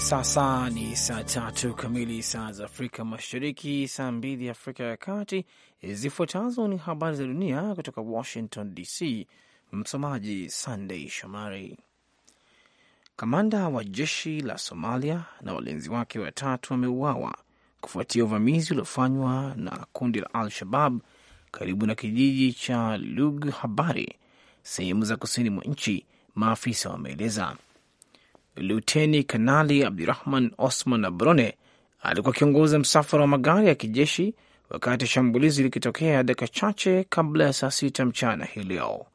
hivi sasa ni saa tatu kamili saa za Afrika Mashariki, saa mbili Afrika ya Kati. Zifuatazo ni habari za dunia kutoka Washington DC. Msomaji Sandei Shomari. Kamanda wa jeshi la Somalia na walinzi wake watatu wameuawa kufuatia uvamizi uliofanywa na kundi la Al-Shabab karibu na kijiji cha Lug Habari, sehemu za kusini mwa nchi, maafisa wameeleza. Luteni Kanali Abdurahman Osman Abrone alikuwa akiongoza msafara wa magari ya kijeshi wakati shambulizi likitokea dakika chache kabla ya saa sita mchana hii leo.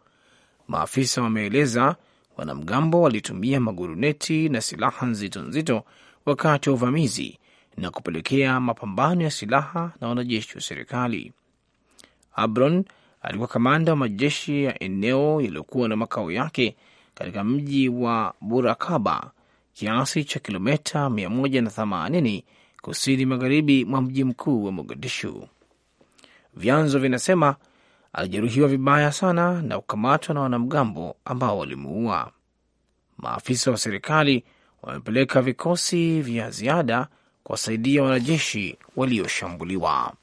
Maafisa wameeleza wanamgambo walitumia maguruneti na silaha nzito nzito wakati wa uvamizi na kupelekea mapambano ya silaha na wanajeshi wa serikali. Abron alikuwa kamanda wa majeshi ya eneo yaliyokuwa na makao yake katika mji wa Burakaba kiasi cha kilomita 180 kusini magharibi mwa mji mkuu wa Mogadishu. Vyanzo vinasema alijeruhiwa vibaya sana na kukamatwa na wanamgambo ambao walimuua. Maafisa wa serikali wamepeleka vikosi vya ziada kuwasaidia wanajeshi walioshambuliwa.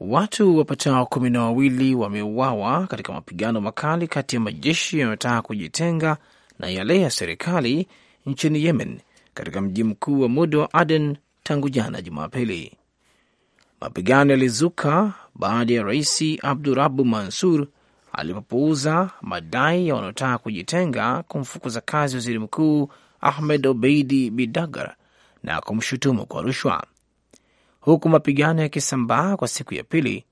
Watu wapatao kumi na wawili wameuawa katika mapigano makali kati ya majeshi yanayotaka kujitenga na yale ya serikali nchini Yemen katika mji mkuu wa muda wa Aden tangu jana Jumapili. Mapigano yalizuka baada ya Rais Abdurabu Mansur alipopuuza madai ya wanaotaka kujitenga kumfukuza kazi waziri mkuu Ahmed Obeidi Bidagar na kumshutumu kwa rushwa. Huku mapigano yakisambaa kwa siku ya pili,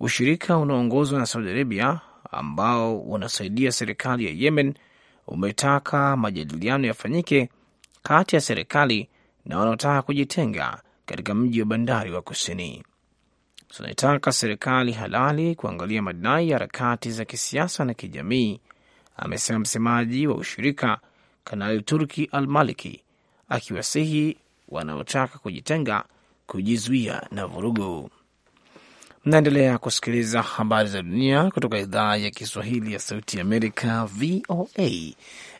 ushirika unaoongozwa na Saudi Arabia ambao unasaidia serikali ya Yemen umetaka majadiliano yafanyike kati ya serikali na wanaotaka kujitenga katika mji wa bandari wa kusini. Tunaitaka serikali halali kuangalia madai ya harakati za kisiasa na kijamii, amesema msemaji wa ushirika Kanali Turki Al Maliki, akiwasihi wanaotaka kujitenga kujizuia na vurugu. Naendelea kusikiliza habari za dunia kutoka idhaa ya Kiswahili ya Sauti ya Amerika, VOA,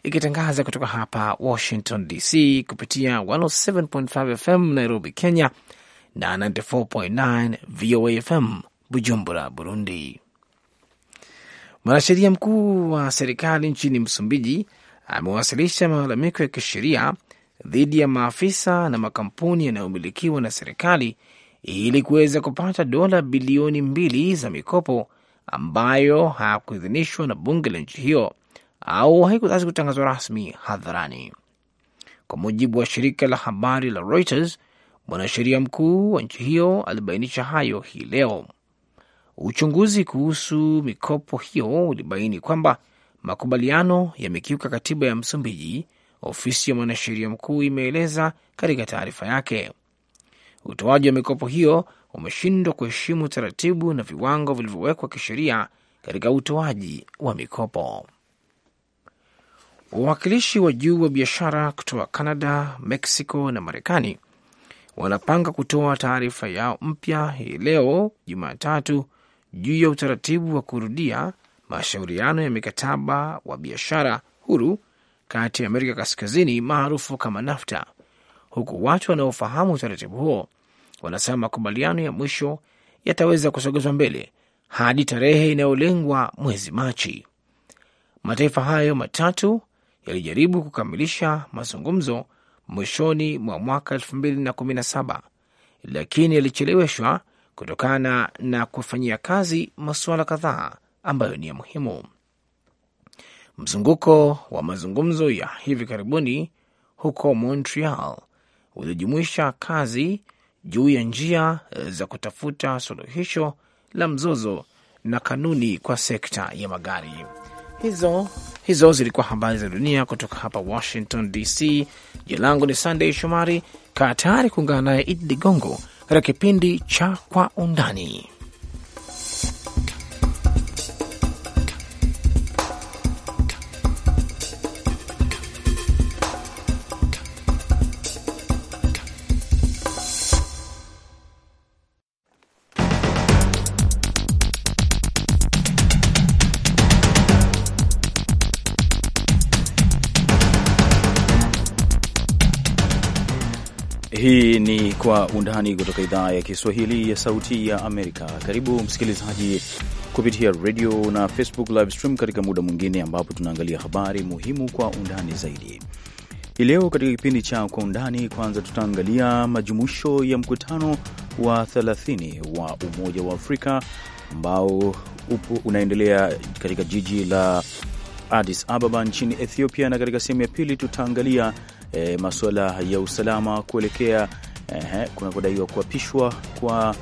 ikitangaza kutoka hapa Washington DC kupitia 107.5 FM Nairobi, Kenya na 94.9 VOA FM Bujumbura, Burundi. Mwanasheria mkuu wa serikali nchini Msumbiji amewasilisha malalamiko ya kisheria dhidi ya maafisa na makampuni yanayomilikiwa na serikali ili kuweza kupata dola bilioni mbili za mikopo ambayo hayakuidhinishwa na bunge la nchi hiyo au haikuweza kutangazwa rasmi hadharani. Kwa mujibu wa shirika la habari la Reuters, mwanasheria mkuu wa nchi hiyo alibainisha hayo hii leo. Uchunguzi kuhusu mikopo hiyo ulibaini kwamba makubaliano yamekiuka katiba ya Msumbiji, ofisi ya mwanasheria mkuu imeeleza katika taarifa yake utoaji wa mikopo hiyo umeshindwa kuheshimu taratibu na viwango vilivyowekwa kisheria katika utoaji wa mikopo. Wawakilishi wa juu wa biashara kutoka Canada, Mexico na Marekani wanapanga kutoa taarifa yao mpya hii leo Jumatatu juu ya utaratibu wa kurudia mashauriano ya mikataba wa biashara huru kati ya Amerika Kaskazini maarufu kama NAFTA, huku watu wanaofahamu utaratibu huo wanasema makubaliano ya mwisho yataweza kusogezwa mbele hadi tarehe inayolengwa mwezi Machi. Mataifa hayo matatu yalijaribu kukamilisha mazungumzo mwishoni mwa mwaka 2017 lakini yalicheleweshwa kutokana na kufanyia kazi masuala kadhaa ambayo ni ya muhimu. Mzunguko wa mazungumzo ya hivi karibuni huko Montreal ulijumuisha kazi juu ya njia e, za kutafuta suluhisho la mzozo na kanuni kwa sekta ya magari. Hizo hizo zilikuwa habari za dunia kutoka hapa Washington DC. Jina langu ni Sandey Shomari. Kaa tayari kuungana naye Idi Ligongo katika kipindi cha Kwa Undani. Undani kutoka idhaa ya Kiswahili ya Sauti ya Amerika. Karibu msikilizaji kupitia radio na Facebook live stream katika muda mwingine ambapo tunaangalia habari muhimu kwa undani zaidi. Hii leo katika kipindi cha Kwa Undani, kwanza tutaangalia majumuisho ya mkutano wa 30 wa Umoja wa Afrika ambao upo unaendelea katika jiji la Addis Ababa nchini Ethiopia, na katika sehemu ya pili tutaangalia e, masuala ya usalama kuelekea eh, kunakodaiwa kuapishwa kwa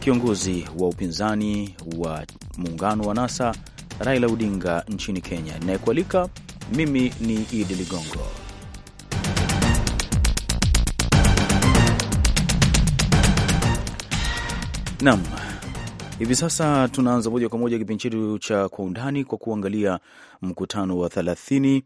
kiongozi wa upinzani wa muungano wa NASA Raila Odinga nchini Kenya. inayekualika mimi ni Idi Ligongo. Naam, hivi sasa tunaanza moja kwa moja kipindi chetu cha Kwa Undani kwa kuangalia mkutano wa thelathini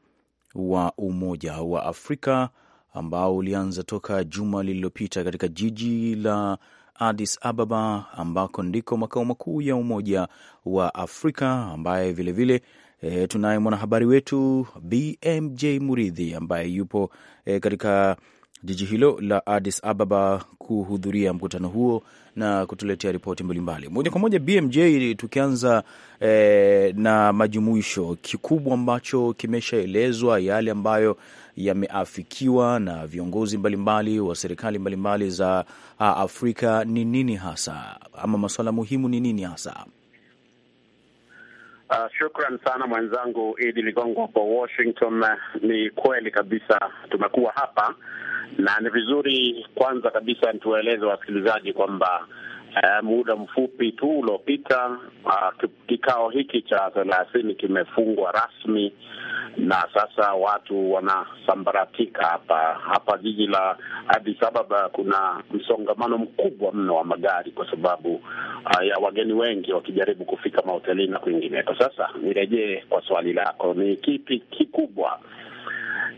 wa Umoja wa Afrika ambao ulianza toka juma lililopita katika jiji la Addis Ababa ambako ndiko makao makuu ya Umoja wa Afrika, ambaye vilevile vile, e, tunaye mwanahabari wetu BMJ Muridhi ambaye yupo e, katika jiji hilo la Addis Ababa kuhudhuria mkutano huo na kutuletea ripoti mbalimbali. Moja kwa moja BMJ, tukianza eh, na majumuisho, kikubwa ambacho kimeshaelezwa, yale ambayo yameafikiwa na viongozi mbalimbali wa serikali mbalimbali za Afrika ni nini hasa, ama masuala muhimu ni nini hasa? Uh, shukran sana mwenzangu Idi Ligongo hapo Washington. Ni kweli kabisa tumekuwa hapa na ni vizuri kwanza kabisa tuwaeleze wasikilizaji kwamba Uh, muda mfupi tu uliopita uh, kikao hiki cha thelathini kimefungwa rasmi, na sasa watu wanasambaratika hapa hapa jiji la Addis Ababa. Kuna msongamano mkubwa mno wa magari kwa sababu uh, ya wageni wengi wakijaribu kufika mahotelini na kwingineko. Sasa nirejee kwa swali lako, ni kipi kikubwa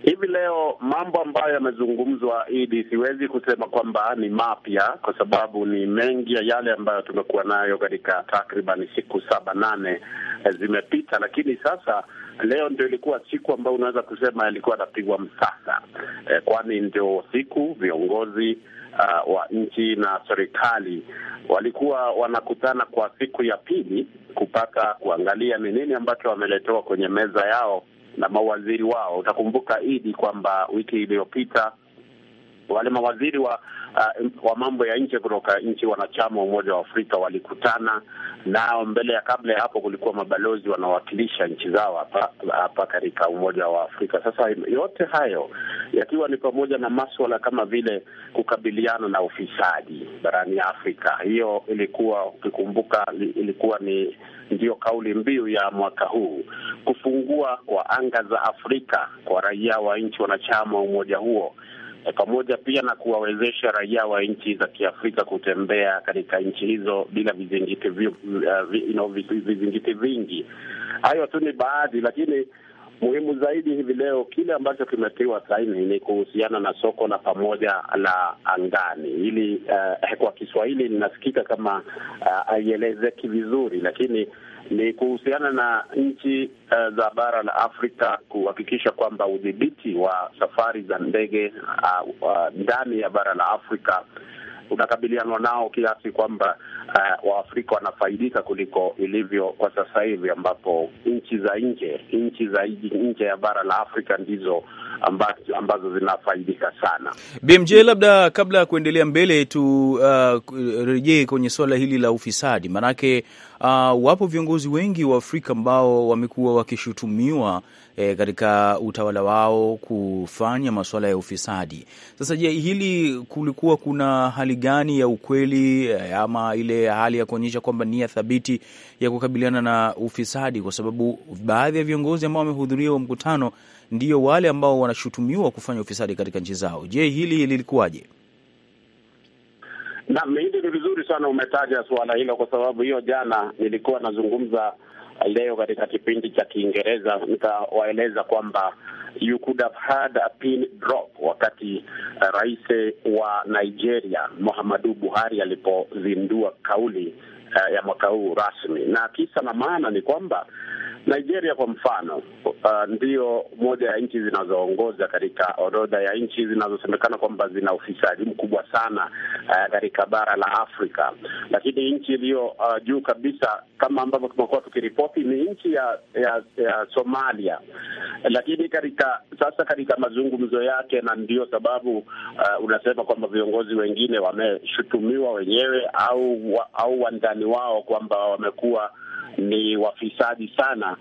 Hivi leo mambo ambayo yamezungumzwa, Idi, siwezi kusema kwamba ni mapya, kwa sababu ni mengi ya yale ambayo tumekuwa nayo katika takriban siku saba nane eh, zimepita, lakini sasa leo ndio ilikuwa siku ambayo unaweza kusema yalikuwa anapigwa msasa eh, kwani ndio siku viongozi uh, wa nchi na serikali walikuwa wanakutana kwa siku ya pili kupata kuangalia ni nini ambacho wameletewa kwenye meza yao na mawaziri wao. Utakumbuka Idi kwamba wiki iliyopita wale mawaziri wa uh, wa mambo ya nje kutoka nchi wanachama wa Umoja wa Afrika walikutana nao mbele ya. Kabla ya hapo, kulikuwa mabalozi wanawakilisha nchi zao hapa hapa katika Umoja wa Afrika. Sasa yote hayo yakiwa ni pamoja na maswala kama vile kukabiliana na ufisadi barani Afrika. Hiyo ilikuwa ukikumbuka, ilikuwa ni ndio kauli mbiu ya mwaka huu, kufungua kwa anga za Afrika kwa raia wa nchi wanachama wa umoja huo Eh, pamoja pia na kuwawezesha raia wa nchi za Kiafrika kutembea katika nchi hizo bila vizingiti uh, you know, vizingiti vingi. Hayo tu ni baadhi, lakini muhimu zaidi hivi leo kile ambacho kimetiwa saini ni kuhusiana na soko la pamoja la angani. ili uh, eh, kwa Kiswahili linasikika kama haielezeki uh, vizuri, lakini ni kuhusiana na nchi uh, za bara la Afrika kuhakikisha kwamba udhibiti wa safari za ndege ah, ndani uh, uh, ya bara la Afrika unakabilianwa nao kiasi kwamba uh, Waafrika wanafaidika kuliko ilivyo kwa sasa hivi, ambapo nchi za nje nchi za nje ya bara la Afrika ndizo ambazo, ambazo zinafaidika sana. BMJ, labda kabla ya kuendelea mbele tu uh, rejee kwenye suala hili la ufisadi, maanake uh, wapo viongozi wengi wa Afrika ambao wamekuwa wakishutumiwa e, katika utawala wao kufanya masuala ya ufisadi. Sasa je, hili kulikuwa kuna hali gani ya ukweli eh, ama ile hali ya kuonyesha kwamba nia thabiti ya kukabiliana na ufisadi? Kwa sababu baadhi ya viongozi ambao wamehudhuria mkutano ndio wale ambao wanashutumiwa kufanya ufisadi katika nchi zao. Je, hili lilikuwaje? Naam, hili ni vizuri sana umetaja suala hilo, kwa sababu hiyo jana nilikuwa nazungumza leo katika kipindi cha Kiingereza nikawaeleza kwamba you could have had a pin drop wakati uh, rais wa Nigeria Muhammadu Buhari alipozindua kauli uh, ya mwaka huu rasmi, na kisa na maana ni kwamba Nigeria kwa mfano, uh, ndio moja ya nchi zinazoongoza katika orodha ya nchi zinazosemekana kwamba zina ufisadi mkubwa sana uh, katika bara la Afrika, lakini nchi iliyo uh, juu kabisa kama ambavyo tumekuwa tukiripoti ni nchi ya, ya, ya Somalia. Lakini katika sasa katika mazungumzo yake, na ndio sababu uh, unasema kwamba viongozi wengine wameshutumiwa wenyewe au au wandani wao kwamba wamekuwa ni wafisadi sana.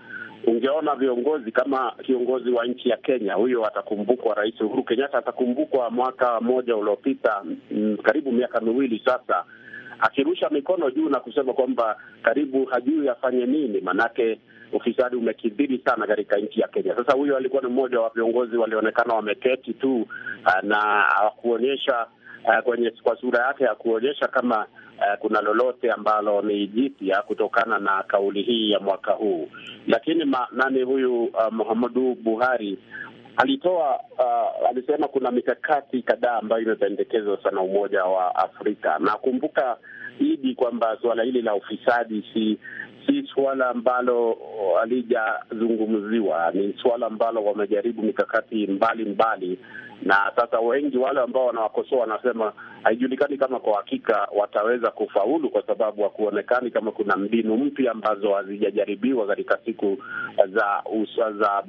Ungeona viongozi kama kiongozi wa nchi ya Kenya huyo atakumbukwa, Rais Uhuru Kenyatta atakumbukwa mwaka mmoja uliopita, mm, karibu miaka miwili sasa, akirusha mikono juu na kusema kwamba karibu hajui afanye nini, manake ufisadi umekidhiri sana katika nchi ya Kenya. Sasa huyo alikuwa ni mmoja wa viongozi walionekana wameketi tu ah, na hawakuonyesha uh, kwenye kwa sura yake ya kuonyesha kama uh, kuna lolote ambalo ni jipya kutokana na kauli hii ya mwaka huu. Lakini ma, nani huyu uh, Muhammadu Buhari alitoa uh, alisema kuna mikakati kadhaa ambayo imependekezwa sana Umoja wa Afrika. Nakumbuka aliahidi kwamba suala hili la ufisadi si si suala ambalo halijazungumziwa, ni suala ambalo wamejaribu mikakati mbalimbali, na sasa wengi wale ambao wanawakosoa wanasema haijulikani kama kwa hakika wataweza kufaulu, kwa sababu hakuonekani kama kuna mbinu mpya ambazo hazijajaribiwa katika siku za za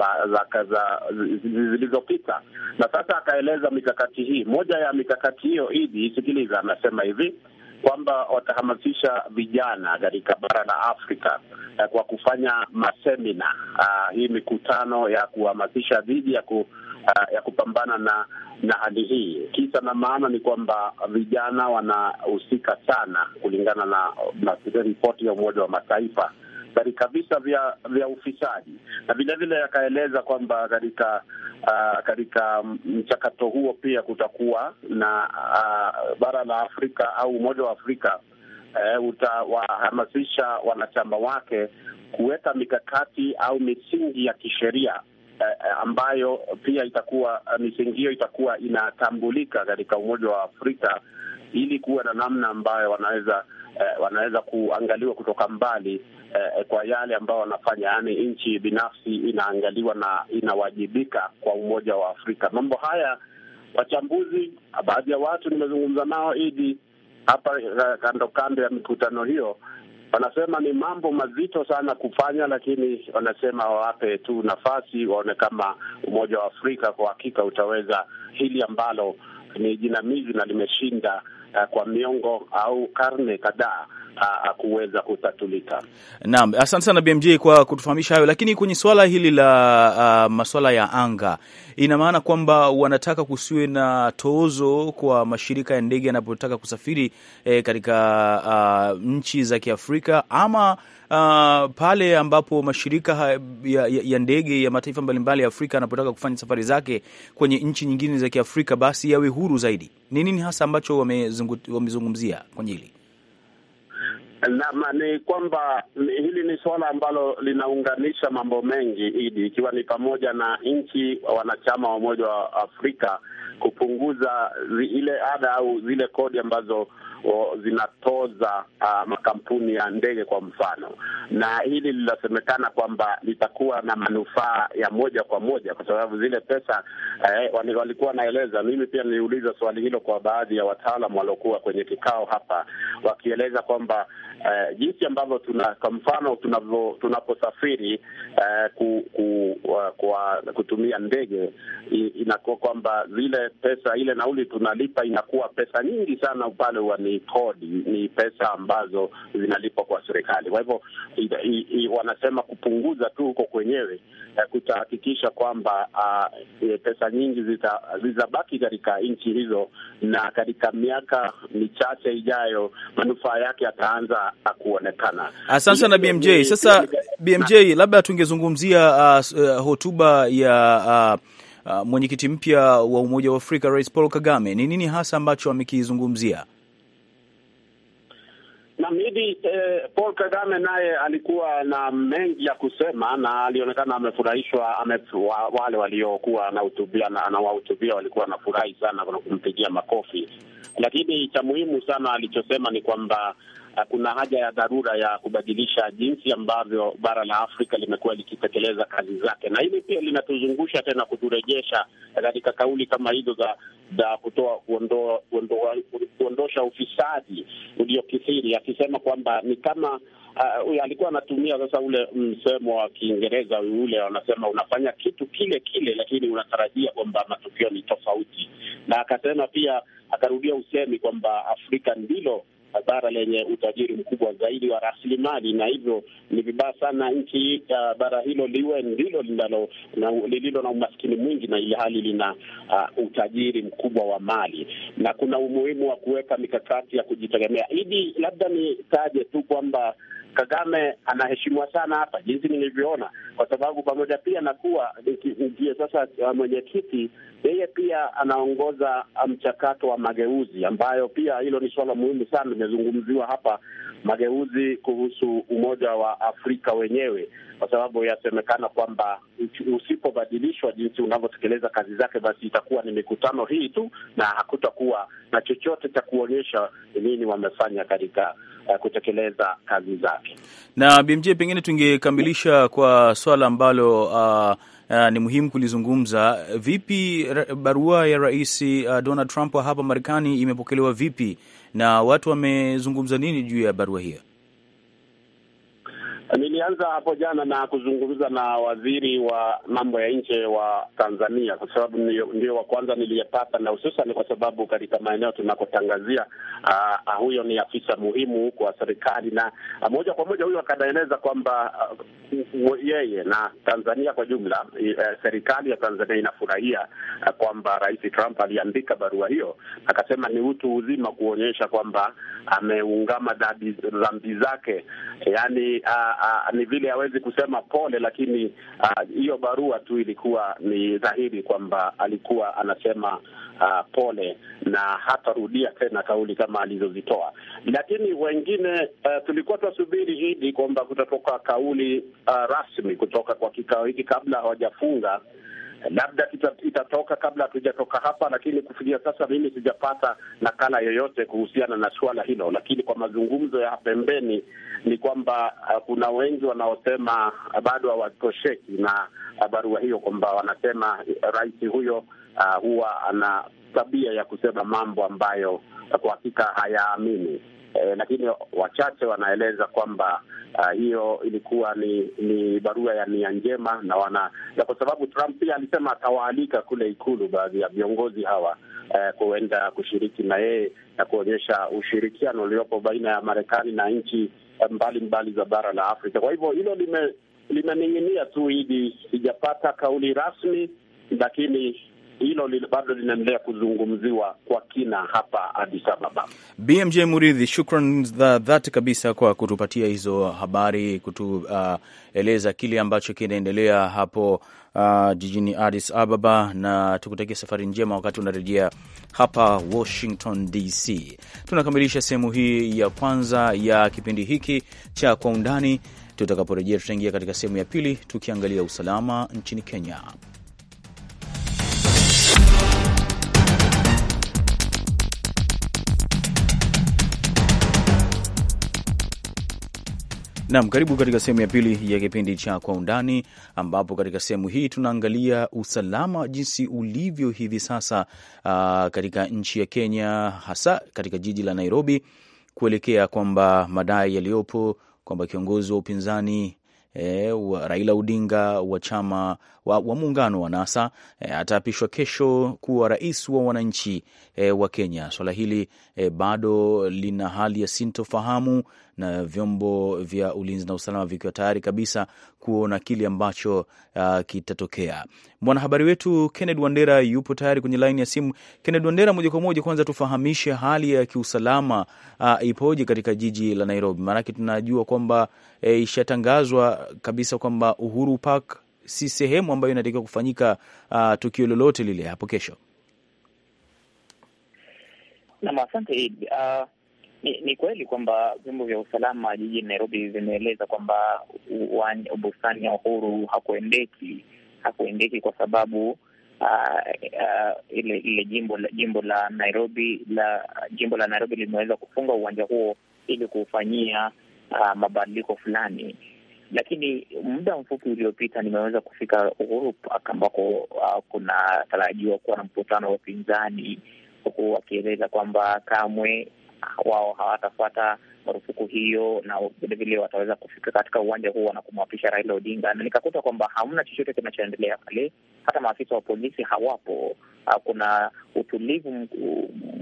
za za zilizopita. Na sasa akaeleza mikakati hii. Moja ya mikakati hiyo, Idi, sikiliza, anasema hivi kwamba watahamasisha vijana katika bara la Afrika eh, kwa kufanya masemina ah, hii mikutano ya kuhamasisha dhidi ya, ku, ah, ya kupambana na na hali hii. Kisa na maana ni kwamba vijana wanahusika sana kulingana na, na ripoti ya Umoja wa Mataifa katika kabisa vya vya ufisadi, na vilevile akaeleza kwamba katika uh, katika mchakato huo pia kutakuwa na uh, bara la Afrika au Umoja wa Afrika uh, utawahamasisha wanachama wake kuweka mikakati au misingi ya kisheria eh, ambayo pia itakuwa misingi hiyo itakuwa inatambulika katika Umoja wa Afrika ili kuwa na namna ambayo wanaweza eh, wanaweza kuangaliwa kutoka mbali Eh, eh, kwa yale ambayo wanafanya, yaani nchi binafsi inaangaliwa na inawajibika kwa Umoja wa Afrika. Mambo haya wachambuzi, baadhi ya watu nimezungumza nao idi hapa eh, kando kando ya mikutano hiyo wanasema ni mambo mazito sana kufanya, lakini wanasema wawape tu nafasi, waone kama Umoja wa Afrika kwa hakika utaweza hili ambalo ni jinamizi na limeshinda uh, kwa miongo au karne kadhaa uh, kuweza kutatulika. Naam, asante sana BMJ kwa kutufahamisha hayo. Lakini kwenye swala hili la uh, maswala ya anga, ina maana kwamba wanataka kusiwe na tozo kwa mashirika ya ndege yanapotaka kusafiri eh, katika uh, nchi za Kiafrika ama uh, pale ambapo mashirika ya, ya, ya ndege ya mataifa mbalimbali ya Afrika yanapotaka kufanya safari zake kwenye nchi nyingine za Kiafrika basi yawe huru zaidi. Ni nini hasa ambacho wamezungumzia kwenye hili? Naam, ni kwamba hili ni suala ambalo linaunganisha mambo mengi Idi, ikiwa ni pamoja na nchi wanachama wa Umoja wa Afrika kupunguza ile ada au zile kodi ambazo o, zinatoza a, makampuni ya ndege kwa mfano, na hili linasemekana kwamba litakuwa na manufaa ya moja kwa moja kwa sababu zile pesa eh, walikuwa wanaeleza. Mimi pia niliuliza swali hilo kwa baadhi ya wataalam waliokuwa kwenye kikao hapa, wakieleza kwamba uh, jinsi ambavyo tuna kwa mfano tunavyo tunaposafiri uh, ku, ku, uh, kwa kutumia ndege inakuwa kwamba zile pesa ile nauli tunalipa inakuwa pesa nyingi sana, upande wa ni kodi, ni pesa ambazo zinalipwa kwa serikali. Kwa hivyo wanasema kupunguza tu huko kwenyewe uh, kutahakikisha kwamba uh, pesa nyingi zitabaki katika nchi hizo, na katika miaka michache ijayo manufaa yake yataanza hakuonekana. Ah, Asante sana BMJ. Sasa BMJ, labda tungezungumzia uh, uh, hotuba ya uh, Uh, mwenyekiti mpya wa Umoja wa Afrika Rais Paul Kagame, ni nini hasa ambacho amekizungumzia? namhivi eh, Paul Kagame naye alikuwa na mengi ya kusema na alionekana amefurahishwa wa, wale waliokuwa anahutubia na anawahutubia walikuwa wanafurahi sana kumpigia makofi, lakini cha muhimu sana alichosema ni kwamba kuna haja ya dharura ya kubadilisha jinsi ambavyo bara la Afrika limekuwa likitekeleza kazi zake, na hili pia linatuzungusha tena kuturejesha katika kauli kama hizo za za kutoa kuondosha ufisadi uliokithiri, akisema kwamba ni kama uh, alikuwa anatumia sasa ule msemo wa Kiingereza ule wanasema unafanya kitu kile kile, lakini unatarajia kwamba matukio ni tofauti, na akasema pia akarudia usemi kwamba Afrika ndilo bara lenye utajiri mkubwa zaidi wa rasilimali, na hivyo ni vibaya sana nchi uh, bara hilo liwe ndilo lililo na, na umaskini mwingi na ili hali lina uh, utajiri mkubwa wa mali, na kuna umuhimu wa kuweka mikakati ya kujitegemea. Idi, labda nitaje tu kwamba Kagame anaheshimiwa sana hapa, jinsi nilivyoona, kwa sababu pamoja pia na kuwa ndiye sasa uh, mwenyekiti, yeye pia anaongoza uh, mchakato wa mageuzi, ambayo pia hilo ni suala muhimu sana, imezungumziwa hapa, mageuzi kuhusu Umoja wa Afrika wenyewe, kwa sababu yasemekana kwamba usipobadilishwa jinsi unavyotekeleza kazi zake, basi itakuwa ni mikutano hii tu na hakutakuwa na chochote cha kuonyesha nini wamefanya katika uh, kutekeleza kazi zake. Na BMJ, pengine tungekamilisha kwa swala ambalo uh, uh, ni muhimu kulizungumza. Vipi barua ya Rais uh, Donald Trump hapa Marekani imepokelewa vipi na watu wamezungumza nini juu ya barua hiyo? Nilianza hapo jana na kuzungumza na waziri wa mambo ya nje wa Tanzania kwa sababu ndio wa kwanza niliyepata, na hususan kwa sababu katika maeneo tunakotangazia uh, huyo ni afisa muhimu wa serikali, na uh, moja kwa moja huyo akanaeleza kwamba uh, yeye na Tanzania kwa jumla uh, serikali ya Tanzania inafurahia uh, kwamba Rais Trump aliandika barua hiyo, akasema ni utu uzima kuonyesha kwamba ameungama dhambi zake, yani uh, Ah, ah, ni vile hawezi kusema pole, lakini ah, hiyo barua tu ilikuwa ni dhahiri kwamba alikuwa anasema a, pole na hatarudia tena kauli kama alizozitoa. Lakini wengine a, eh, tulikuwa tuwasubiri hidi kwamba kutatoka kauli a, rasmi kutoka kwa kikao hiki kabla hawajafunga labda itatoka kabla hatujatoka hapa, lakini kufikia sasa mimi sijapata nakala yoyote kuhusiana na suala hilo. Lakini kwa mazungumzo ya pembeni ni kwamba uh, kuna wengi wanaosema bado hawatosheki na barua hiyo, kwamba wanasema rais huyo uh, huwa ana tabia ya kusema mambo ambayo kwa hakika hayaamini eh, lakini wachache wanaeleza kwamba uh, hiyo ilikuwa ni ni barua ya nia njema, na wana na kwa sababu Trump pia alisema atawaalika kule Ikulu baadhi ya viongozi hawa eh, kuenda kushiriki na yeye na kuonyesha ushirikiano uliopo baina ya Marekani na nchi eh, mbalimbali mbali za bara la Afrika. Kwa hivyo hilo lime limening'inia tu hidi, sijapata kauli rasmi, lakini hilo li, bado linaendelea kuzungumziwa kwa kina hapa Addis Ababa. BMJ Muridhi, shukran za dhati kabisa kwa kutupatia hizo habari, kutueleza uh, kile ambacho kinaendelea hapo uh, jijini Addis Ababa, na tukutakia safari njema wakati unarejea hapa Washington DC. Tunakamilisha sehemu hii ya kwanza ya kipindi hiki cha Kwa Undani. Tutakaporejea tutaingia katika sehemu ya pili tukiangalia usalama nchini Kenya. Naam, karibu katika sehemu ya pili ya kipindi cha Kwa Undani, ambapo katika sehemu hii tunaangalia usalama jinsi ulivyo hivi sasa uh, katika nchi ya Kenya, hasa katika jiji la Nairobi, kuelekea kwamba madai yaliyopo kwamba kiongozi wa upinzani E, wa Raila Odinga wa chama wa, wa muungano wa NASA e, ataapishwa kesho kuwa rais wa wananchi e, wa Kenya. Swala hili e, bado lina hali ya sintofahamu na vyombo vya ulinzi na usalama vikiwa tayari kabisa kuona kile ambacho uh, kitatokea. Mwanahabari wetu Kennedy Wandera yupo tayari kwenye laini ya simu. Kennedy Wandera, moja kwa moja, kwanza tufahamishe hali ya kiusalama uh, ipoje katika jiji la Nairobi, maanake tunajua kwamba eh, ishatangazwa kabisa kwamba Uhuru Park si sehemu ambayo inatakiwa kufanyika uh, tukio lolote lile hapo kesho. Nam, asante. Ni, ni kweli kwamba vyombo vya usalama jijini Nairobi vimeeleza kwamba bustani ya Uhuru hakuendeki hakuendeki kwa sababu Uh, uh, ile ile jimbo la jimbo la Nairobi la jimbo la Nairobi limeweza kufunga uwanja huo ili kuufanyia uh, mabadiliko fulani, lakini muda mfupi uliopita nimeweza kufika Uhuru Park ambako uh, kunatarajiwa kuwa na mkutano wa upinzani, huku wakieleza kwamba kamwe wao hawatafuata marufuku hiyo, na vilevile wataweza kufika katika uwanja huo na kumwapisha Raila Odinga, na nikakuta kwamba hamna chochote kinachoendelea pale, hata maafisa wa polisi hawapo. Ah, kuna utulivu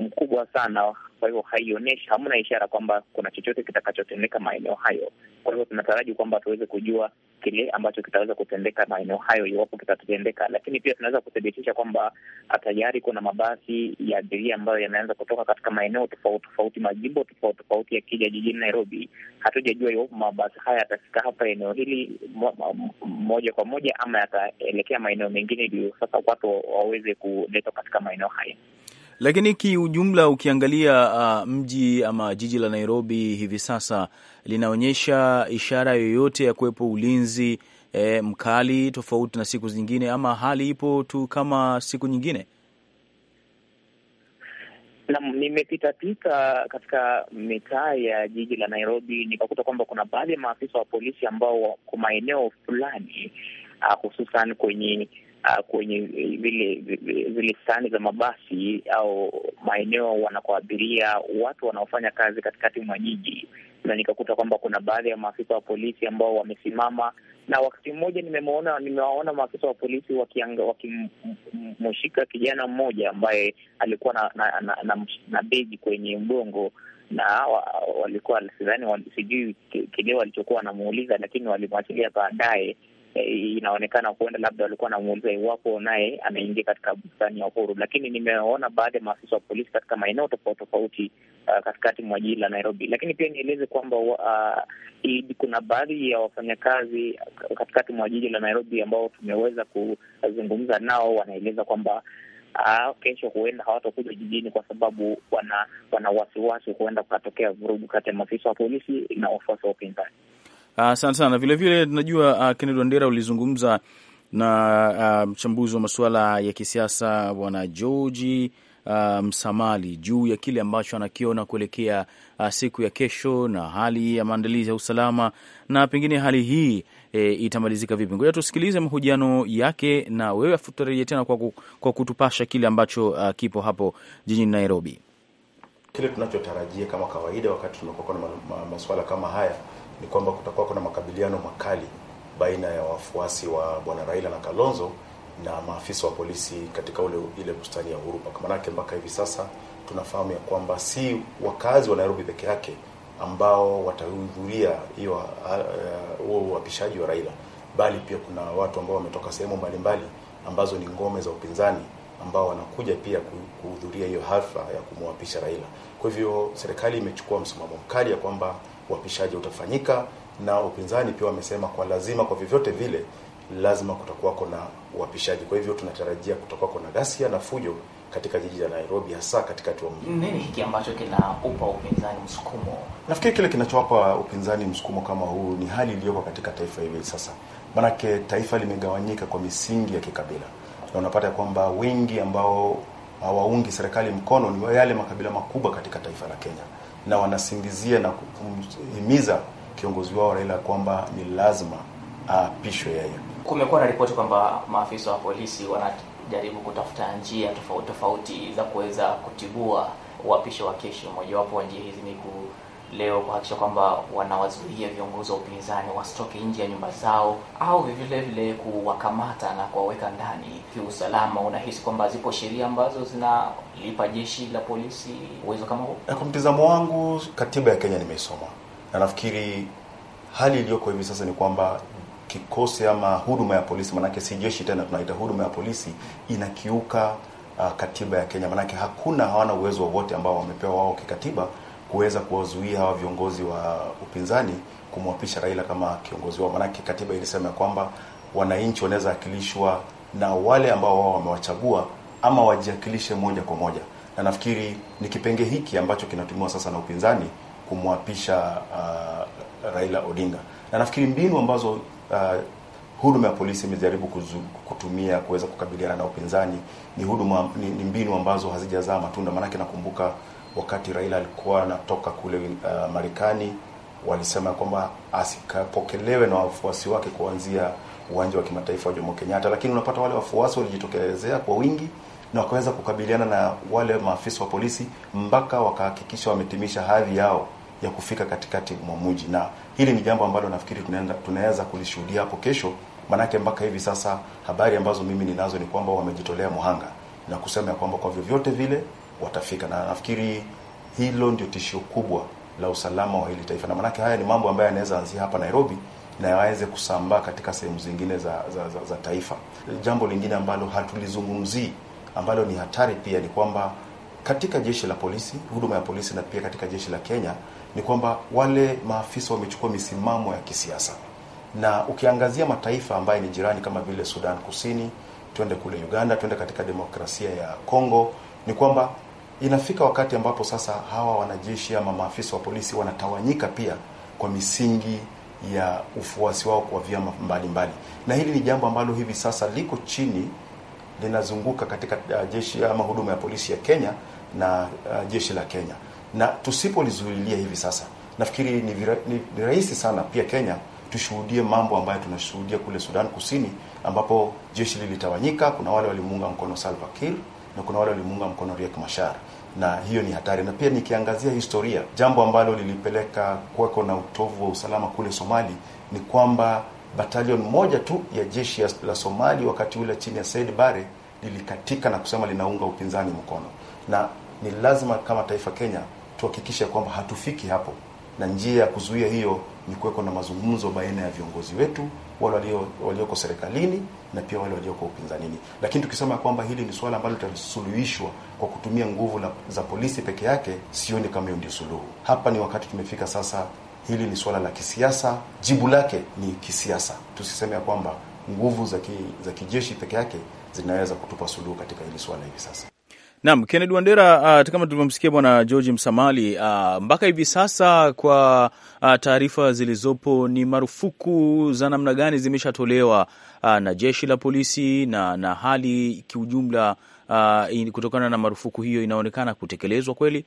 mkubwa sana. Kwa hivyo haionyeshi, hamna ishara kwamba kuna chochote kitakachotendeka maeneo hayo. Kwa hivyo tunataraji kwamba tuweze kujua kile ambacho kitaweza kutendeka maeneo hayo iwapo kitatendeka, lakini pia tunaweza kuthibitisha kwamba ah, tayari kuna mabasi ya abiria ambayo yanaanza kutoka katika maeneo tofauti tofauti, majimbo tofauti tofauti, yakija jijini Nairobi. Hatujajua iwapo mabasi haya yatafika hapa eneo hili moja kwa moja ama yataelekea maeneo mengine, ili sasa watu waweze ku kuletwa katika maeneo haya. Lakini kiujumla, ukiangalia uh, mji ama jiji la Nairobi hivi sasa linaonyesha ishara yoyote ya kuwepo ulinzi eh, mkali tofauti na siku zingine, ama hali ipo tu kama siku nyingine? Naam, nimepitapita katika mitaa ya jiji la Nairobi nikakuta kwamba kuna baadhi ya maafisa wa polisi ambao kwa maeneo fulani uh, hususan kwenye uh, kwenye eh, vile zile stani za mabasi au maeneo wanakoabiria watu wanaofanya kazi katikati mwa jiji, na nikakuta kwamba kuna baadhi ya maafisa wa polisi ambao wamesimama, na wakati mmoja nimewaona nimewaona maafisa wa polisi wakimshika kijana mmoja ambaye alikuwa na, na, na, na, na begi kwenye mgongo na walikuwa sidhani, sijui kile walichokuwa wanamuuliza, lakini walimwachilia baadaye Eh, inaonekana kuenda labda walikuwa wanamuuliza iwapo naye ameingia katika bustani ya Uhuru, lakini nimeona baadhi ya maafisa wa polisi katika maeneo tofauti tofauti uh, katikati mwa jiji la Nairobi. Lakini pia nieleze kwamba uh, kuna baadhi ya wafanyakazi katikati mwa jiji la Nairobi ambao tumeweza kuzungumza nao, wanaeleza kwamba Uh, kesho huenda hawatakuja jijini kwa sababu wana wana wasiwasi huenda kukatokea vurugu kati ya maafisa wa polisi na wafuasi wa upinzani. Ah, asante sana. Vilevile najua uh, ah, Kennedy Wandera ulizungumza na ah, mchambuzi wa masuala ya kisiasa bwana George uh, Msamali juu ya kile ambacho anakiona kuelekea uh, siku ya kesho na hali ya maandalizi ya usalama na pengine hali hii e, itamalizika vipi. Ngoja tusikilize mahojiano yake na wewe, afu tena kwa, kwa kutupasha kile ambacho uh, kipo hapo jijini Nairobi. Kile tunachotarajia kama kawaida, wakati tunapokuwa na masuala kama haya ni kwamba kutakuwa kuna makabiliano makali baina ya wafuasi wa bwana Raila na Kalonzo na maafisa wa polisi katika ule ile bustani ya Uhuru Park. Maanake mpaka hivi sasa tunafahamu ya kwamba si wakazi wa Nairobi peke yake ambao watahudhuria hiyo uh, uh, huo uapishaji wa Raila, bali pia kuna watu ambao wametoka sehemu mbalimbali ambazo ni ngome za upinzani ambao wanakuja pia kuhudhuria hiyo hafla ya kumwapisha Raila. Kwa hivyo serikali imechukua msimamo mkali ya kwamba uapishaji utafanyika, na upinzani pia wamesema kwa lazima, kwa vyovyote vile, lazima kutakuwa kuna uapishaji. Kwa hivyo tunatarajia kutakuwa na ghasia na fujo katika jiji la Nairobi, hasa katikati wa mji. Nini hiki ambacho kinaupa upinzani msukumo? Nafikiri kile kinachowapa upinzani msukumo kama huu ni hali iliyoko katika taifa hivi sasa, maanake taifa limegawanyika kwa misingi ya kikabila, na unapata kwamba wengi ambao hawaungi serikali mkono ni yale makabila makubwa katika taifa la Kenya na wanasingizia na kumhimiza kiongozi wao Raila kwamba ni lazima aapishwe yeye. Kumekuwa na ripoti kwamba maafisa wa polisi wanajaribu kutafuta njia tofauti tofauti za kuweza kutibua uapisho wa kesho. Mojawapo wa njia hizi ni ku leo kuhakikisha kwamba wanawazuia viongozi wa upinzani wasitoke nje ya nyumba zao au vivile vile kuwakamata na kuwaweka ndani kiusalama. Unahisi kwamba zipo sheria ambazo zinalipa jeshi la polisi uwezo kama huu? Kwa mtizamo wangu, katiba ya Kenya nimeisoma na nafikiri hali iliyoko hivi sasa ni kwamba kikosi ama huduma ya polisi, maanake si jeshi tena, tunaita huduma ya polisi, inakiuka uh, katiba ya Kenya, maanake hakuna hawana uwezo wowote ambao wamepewa wao kikatiba kuweza kuwazuia hawa viongozi wa upinzani kumwapisha Raila kama kiongozi wao, maanake katiba ilisema ya kwamba wananchi wanaweza akilishwa na wale ambao wao wamewachagua ama wajiakilishe moja kwa moja, na nafikiri ni kipenge hiki ambacho kinatumiwa sasa na upinzani kumwapisha uh, Raila Odinga, na nafikiri mbinu ambazo uh, huduma ya polisi imejaribu kutumia kuweza kukabiliana na upinzani ni huduma ni, ni mbinu ambazo hazijazaa matunda, maanake nakumbuka wakati Raila alikuwa anatoka kule uh, Marekani, walisema kwamba asikapokelewe na wafuasi wake kuanzia uwanja wa kimataifa wa Jomo Kenyatta, lakini unapata wale wafuasi walijitokelezea kwa wingi na wakaweza kukabiliana na wale maafisa wa polisi mpaka wakahakikisha wametimisha hadhi yao ya kufika katikati mwa mji, na hili ni jambo ambalo nafikiri tunaenda tunaweza kulishuhudia hapo kesho, manake mpaka hivi sasa habari ambazo mimi ninazo ni kwamba wamejitolea muhanga na kusema ya kwamba kwa vyovyote vile watafika, na nafikiri hilo ndio tishio kubwa la usalama wa hili taifa, na maanake haya ni mambo ambayo yanaweza anzia hapa Nairobi na yaweze kusambaa katika sehemu zingine za, za, za, za taifa. Jambo lingine ambalo hatulizungumzii ambalo ni hatari pia ni kwamba katika jeshi la polisi, huduma ya polisi na pia katika jeshi la Kenya ni kwamba wale maafisa wamechukua misimamo ya kisiasa, na ukiangazia mataifa ambayo ni jirani kama vile Sudan Kusini, twende kule Uganda, twende katika demokrasia ya Kongo, ni kwamba Inafika wakati ambapo sasa hawa wanajeshi ama maafisa wa polisi wanatawanyika pia kwa misingi ya ufuasi wao kwa vyama mbalimbali, na hili ni jambo ambalo hivi sasa liko chini linazunguka katika uh, jeshi ama huduma ya polisi ya Kenya na uh, jeshi la Kenya, na tusipolizuilia hivi sasa, nafikiri ni, vira, ni rahisi sana pia Kenya tushuhudie mambo ambayo tunashuhudia kule Sudan Kusini ambapo jeshi lilitawanyika. Kuna wale walimuunga mkono Salva Kiir na kuna wale walimuunga mkono Riek Machar, na hiyo ni hatari. Na pia nikiangazia historia, jambo ambalo lilipeleka kuweko na utovu wa usalama kule Somali ni kwamba batalion moja tu ya jeshi la Somali wakati ule chini ya Said Bare lilikatika na kusema linaunga upinzani mkono, na ni lazima kama taifa Kenya tuhakikishe kwamba hatufiki hapo, na njia ya kuzuia hiyo ni kuweko na mazungumzo baina ya viongozi wetu wale walioko serikalini na pia wale walioko upinzanini. Lakini tukisema kwamba hili ni suala ambalo litasuluhishwa kwa kutumia nguvu la, za polisi peke yake, sioni kama hiyo ndio suluhu. Hapa ni wakati tumefika sasa, hili ni suala la kisiasa, jibu lake ni kisiasa. Tusiseme ya kwamba nguvu za ki, za kijeshi peke yake zinaweza kutupa suluhu katika hili suala hivi sasa. Naam, Kennedy Wandera, uh, kama tulivyomsikia bwana George Msamali, uh, mpaka hivi sasa kwa uh, taarifa zilizopo ni marufuku za namna gani zimeshatolewa uh, na jeshi la polisi na, na hali kiujumla uh, kutokana na marufuku hiyo inaonekana kutekelezwa kweli?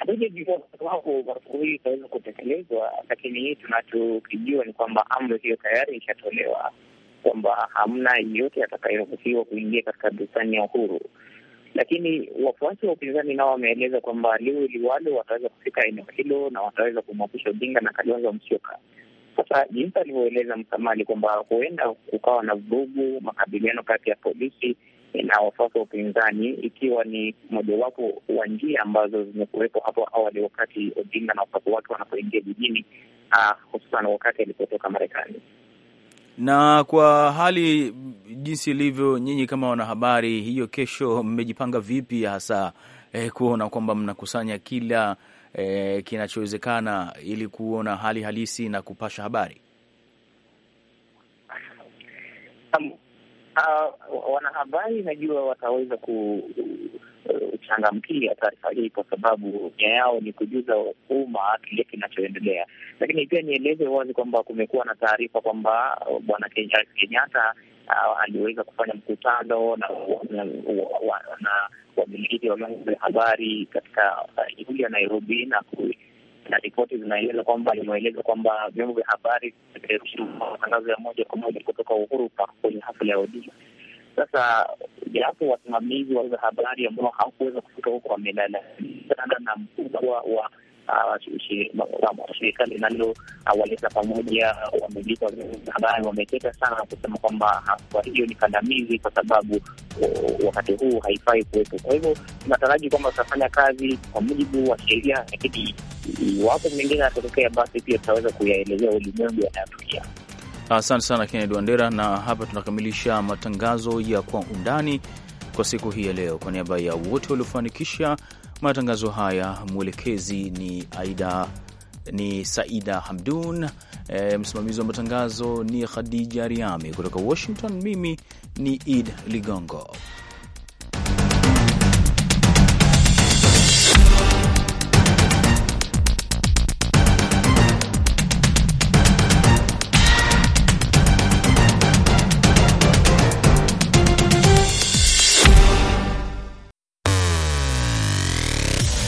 hatujajua kwa sababu marufuku hii itaweza kutekelezwa, lakini tunachokijua ni kwamba amri hiyo tayari ishatolewa kwamba hamna yeyote atakayeruhusiwa kuingia katika bustani ya Uhuru. Lakini wafuasi wa upinzani nao wameeleza kwamba liwe liwalo, wataweza kufika eneo hilo na wataweza kumwapisha Odinga na Kalonzo Musyoka. Sasa jinsi alivyoeleza Msamali kwamba huenda kukawa na vurugu, makabiliano kati ya polisi na wafuasi wa upinzani, ikiwa ni mojawapo wa njia ambazo zimekuwepo hapo awali, wakati Odinga na wafuasi wake wanapoingia jijini, ah, hususan wakati alipotoka Marekani. Na kwa hali jinsi ilivyo, nyinyi kama wanahabari, hiyo kesho mmejipanga vipi hasa eh, kuona kwamba mnakusanya kila eh, kinachowezekana ili kuona hali halisi na kupasha habari? Um, uh, wanahabari najua wataweza ku Eh, uchangamkia taarifa hii, kwa sababu nia yao ni kujuza umma kile kinachoendelea. Lakini pia nieleze wazi kwamba kumekuwa na taarifa kwamba eh, bwana Kenyatta Uh, aliweza kufanya mkutano na wamiliki wa vyombo vya habari katika ikulu ya Nairobi, na na ripoti zinaeleza kwamba limeeleza kwamba vyombo vya habari vimeruhusu matangazo ya moja kwa moja kutoka Uhuru Park kwenye hafla ya Odinga sasa japo wasimamizi wa habari ambao hawakuweza kufika huko wamelalamisana na mkubwa wa ah, shirika linalowaleta ah, pamoja wamiliki habari wameteta sana na kusema kwamba kwa hiyo ni kandamizi, kwa sababu wakati huu haifai kuwepo. Kwa hivyo tunataraji kwamba tutafanya kazi kwa mujibu wa sheria, lakini iwapo mengine yanatokea, basi pia tutaweza kuyaelezea ulimwengu yanayotukia. Asante sana Kennedy Wandera, na hapa tunakamilisha matangazo ya Kwa Undani kwa siku hii ya leo. Kwa niaba ya wote waliofanikisha matangazo haya, mwelekezi ni Aida ni Saida Hamdun, e, msimamizi wa matangazo ni Khadija Riami. Kutoka Washington, mimi ni Id Ligongo.